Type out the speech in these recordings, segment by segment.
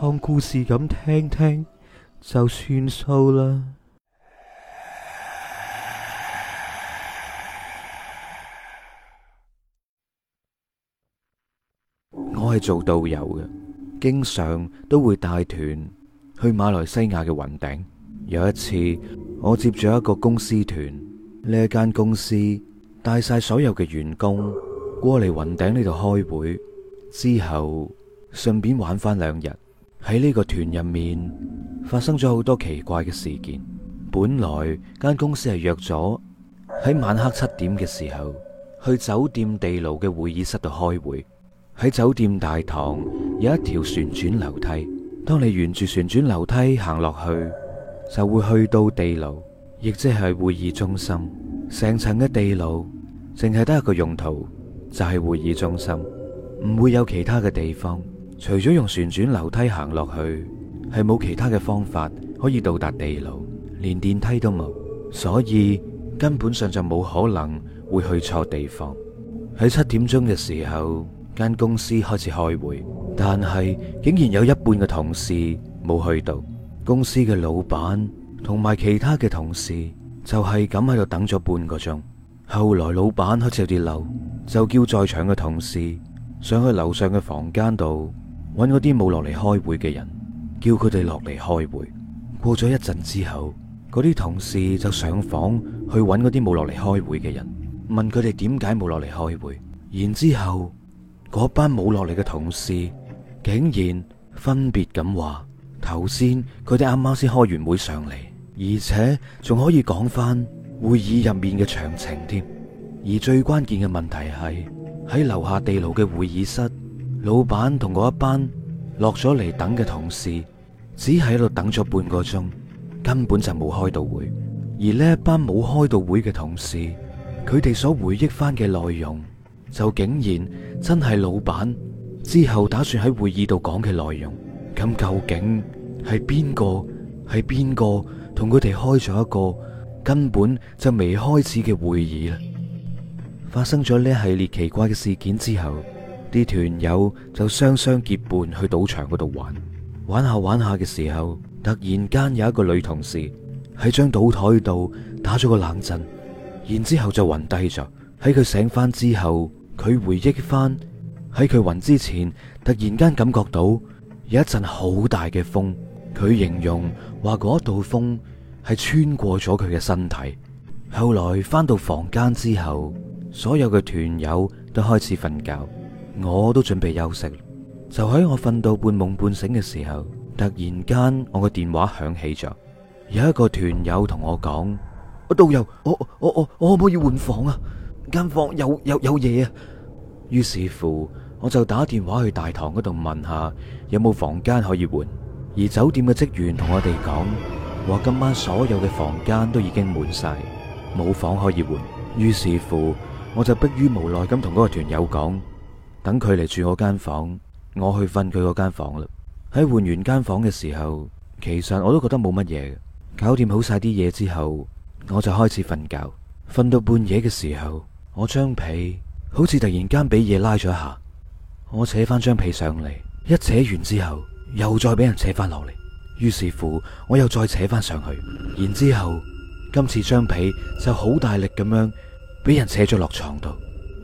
當故事咁聽聽就算數啦。我係做導遊嘅，經常都會帶團去馬來西亞嘅雲頂。有一次，我接咗一個公司團，呢一間公司帶晒所有嘅員工過嚟雲頂呢度開會，之後順便玩翻兩日。喺呢個團入面發生咗好多奇怪嘅事件。本來間公司係約咗喺晚黑七點嘅時候去酒店地牢嘅會議室度開會。喺酒店大堂有一條旋轉樓梯，當你沿住旋轉樓梯行落去，就會去到地牢，亦即係會議中心。成層嘅地牢淨係得一個用途，就係會議中心，唔會有其他嘅地方。除咗用旋轉樓梯行落去，係冇其他嘅方法可以到達地牢，連電梯都冇，所以根本上就冇可能會去錯地方。喺七點鐘嘅時候，間公司開始開會，但係竟然有一半嘅同事冇去到。公司嘅老闆同埋其他嘅同事就係咁喺度等咗半個鐘。後來老闆開始有啲嬲，就叫在場嘅同事上去樓上嘅房間度。揾嗰啲冇落嚟開會嘅人，叫佢哋落嚟開會。過咗一陣之後，嗰啲同事就上房去揾嗰啲冇落嚟開會嘅人，問佢哋點解冇落嚟開會。然之後，嗰班冇落嚟嘅同事竟然分別咁話：頭先佢哋啱啱先開完會上嚟，而且仲可以講翻會議入面嘅詳情添。而最關鍵嘅問題係喺樓下地牢嘅會議室。老闆同嗰一班落咗嚟等嘅同事，只喺度等咗半個鐘，根本就冇開到會。而呢一班冇開到會嘅同事，佢哋所回憶翻嘅內容，就竟然真係老闆之後打算喺會議度講嘅內容。咁究竟係邊個？係邊個同佢哋開咗一個根本就未開始嘅會議呢？發生咗呢系列奇怪嘅事件之後，啲團友就雙雙結伴去賭場嗰度玩，玩下玩下嘅時候，突然間有一個女同事喺張賭台度打咗個冷震，然之後就暈低咗。喺佢醒翻之後，佢回憶翻喺佢暈之前，突然間感覺到有一陣好大嘅風。佢形容話嗰道風係穿過咗佢嘅身體。後來翻到房間之後，所有嘅團友都開始瞓覺。我都準備休息，就喺我瞓到半夢半醒嘅時候，突然間我個電話響起咗，有一個團友同我講：導遊，我我我，我，我可唔可以換房啊？間房有有有嘢啊！於是乎，我就打電話去大堂嗰度問下有冇房間可以換，而酒店嘅職員同我哋講，話今晚所有嘅房間都已經滿曬，冇房可以換。於是乎，我就迫於無奈咁同嗰個團友講。等佢嚟住我間房，我去瞓佢嗰間房啦。喺換完間房嘅時候，其實我都覺得冇乜嘢。搞掂好晒啲嘢之後，我就開始瞓覺。瞓到半夜嘅時候，我張被好似突然間俾嘢拉咗下，我扯翻張被上嚟，一扯完之後，又再俾人扯翻落嚟。於是乎，我又再扯翻上去，然之後今次張被就好大力咁樣俾人扯咗落床度。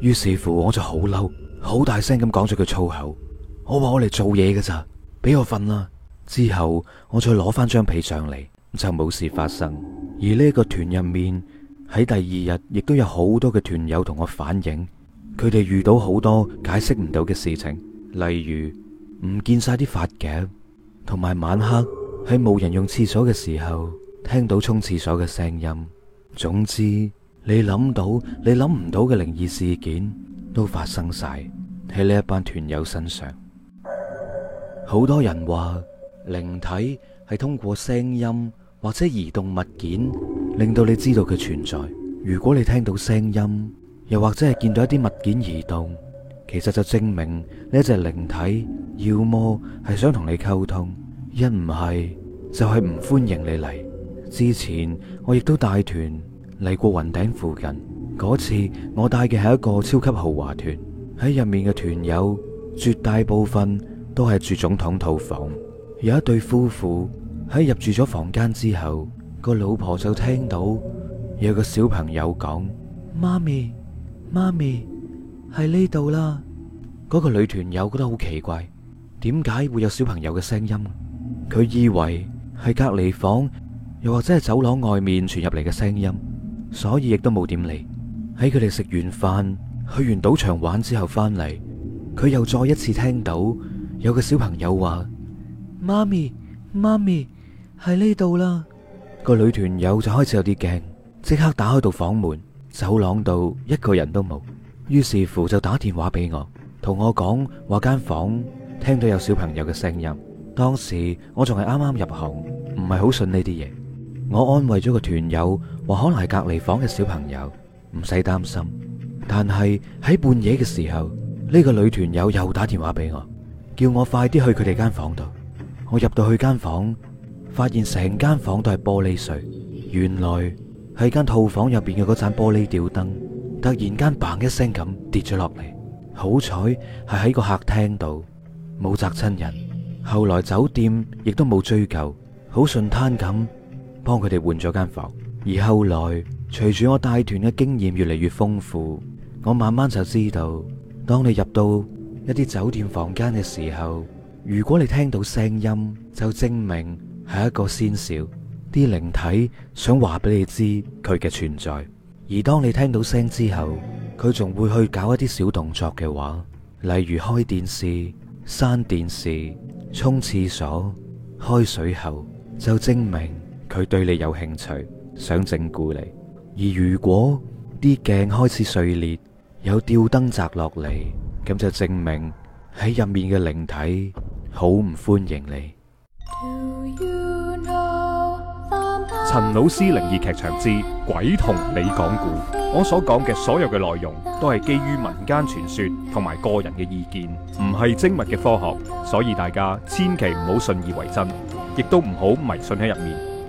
於是乎，我就好嬲，好大聲咁講咗句粗口。我話我嚟做嘢㗎咋，俾我瞓啦。之後我再攞翻張被上嚟，就冇事發生。而呢個團入面，喺第二日亦都有好多嘅團友同我反映，佢哋遇到好多解釋唔到嘅事情，例如唔見晒啲髮夾，同埋晚黑喺冇人用廁所嘅時候聽到沖廁所嘅聲音。總之。你諗到你諗唔到嘅靈異事件都發生晒喺呢一班團友身上。好多人話靈體係通過聲音或者移動物件令到你知道佢存在。如果你聽到聲音，又或者係見到一啲物件移動，其實就證明呢一隻靈體要麼係想同你溝通，一唔係就係唔歡迎你嚟。之前我亦都帶團。嚟過雲頂附近，嗰次我帶嘅係一個超級豪華團，喺入面嘅團友絕大部分都係住總統套房。有一對夫婦喺入住咗房間之後，個老婆就聽到有個小朋友講：媽咪，媽咪，喺呢度啦。嗰個女團友覺得好奇怪，點解會有小朋友嘅聲音？佢以為係隔離房又或者係走廊外面傳入嚟嘅聲音。所以亦都冇點嚟，喺佢哋食完飯、去完賭場玩之後翻嚟，佢又再一次聽到有個小朋友話：媽咪，媽咪喺呢度啦。個女團友就開始有啲驚，即刻打開度房門，走廊度一個人都冇，於是乎就打電話俾我，同我講話，間房聽到有小朋友嘅聲音。當時我仲係啱啱入行，唔係好信呢啲嘢。我安慰咗個團友，話可能係隔離房嘅小朋友，唔使擔心。但係喺半夜嘅時候，呢個女團友又打電話俾我，叫我快啲去佢哋間房度。我入到去間房，發現成間房都係玻璃碎，原來係間套房入邊嘅嗰盞玻璃吊燈，突然間砰一聲咁跌咗落嚟。好彩係喺個客廳度，冇責親人。後來酒店亦都冇追究，好順攤咁。幫佢哋換咗間房，而後來隨住我帶團嘅經驗越嚟越豐富，我慢慢就知道，當你入到一啲酒店房間嘅時候，如果你聽到聲音，就證明係一個先兆，啲靈體想話俾你知佢嘅存在。而當你聽到聲之後，佢仲會去搞一啲小動作嘅話，例如開電視、閂電視、沖廁所、開水喉，就證明。佢對你有興趣，想整顧你。而如果啲鏡開始碎裂，有吊燈砸落嚟，咁就證明喺入面嘅靈體好唔歡迎你。陳老師靈異劇場之鬼同你講故，我所講嘅所有嘅內容都係基於民間傳說同埋個人嘅意見，唔係精密嘅科學，所以大家千祈唔好信以為真，亦都唔好迷信喺入面。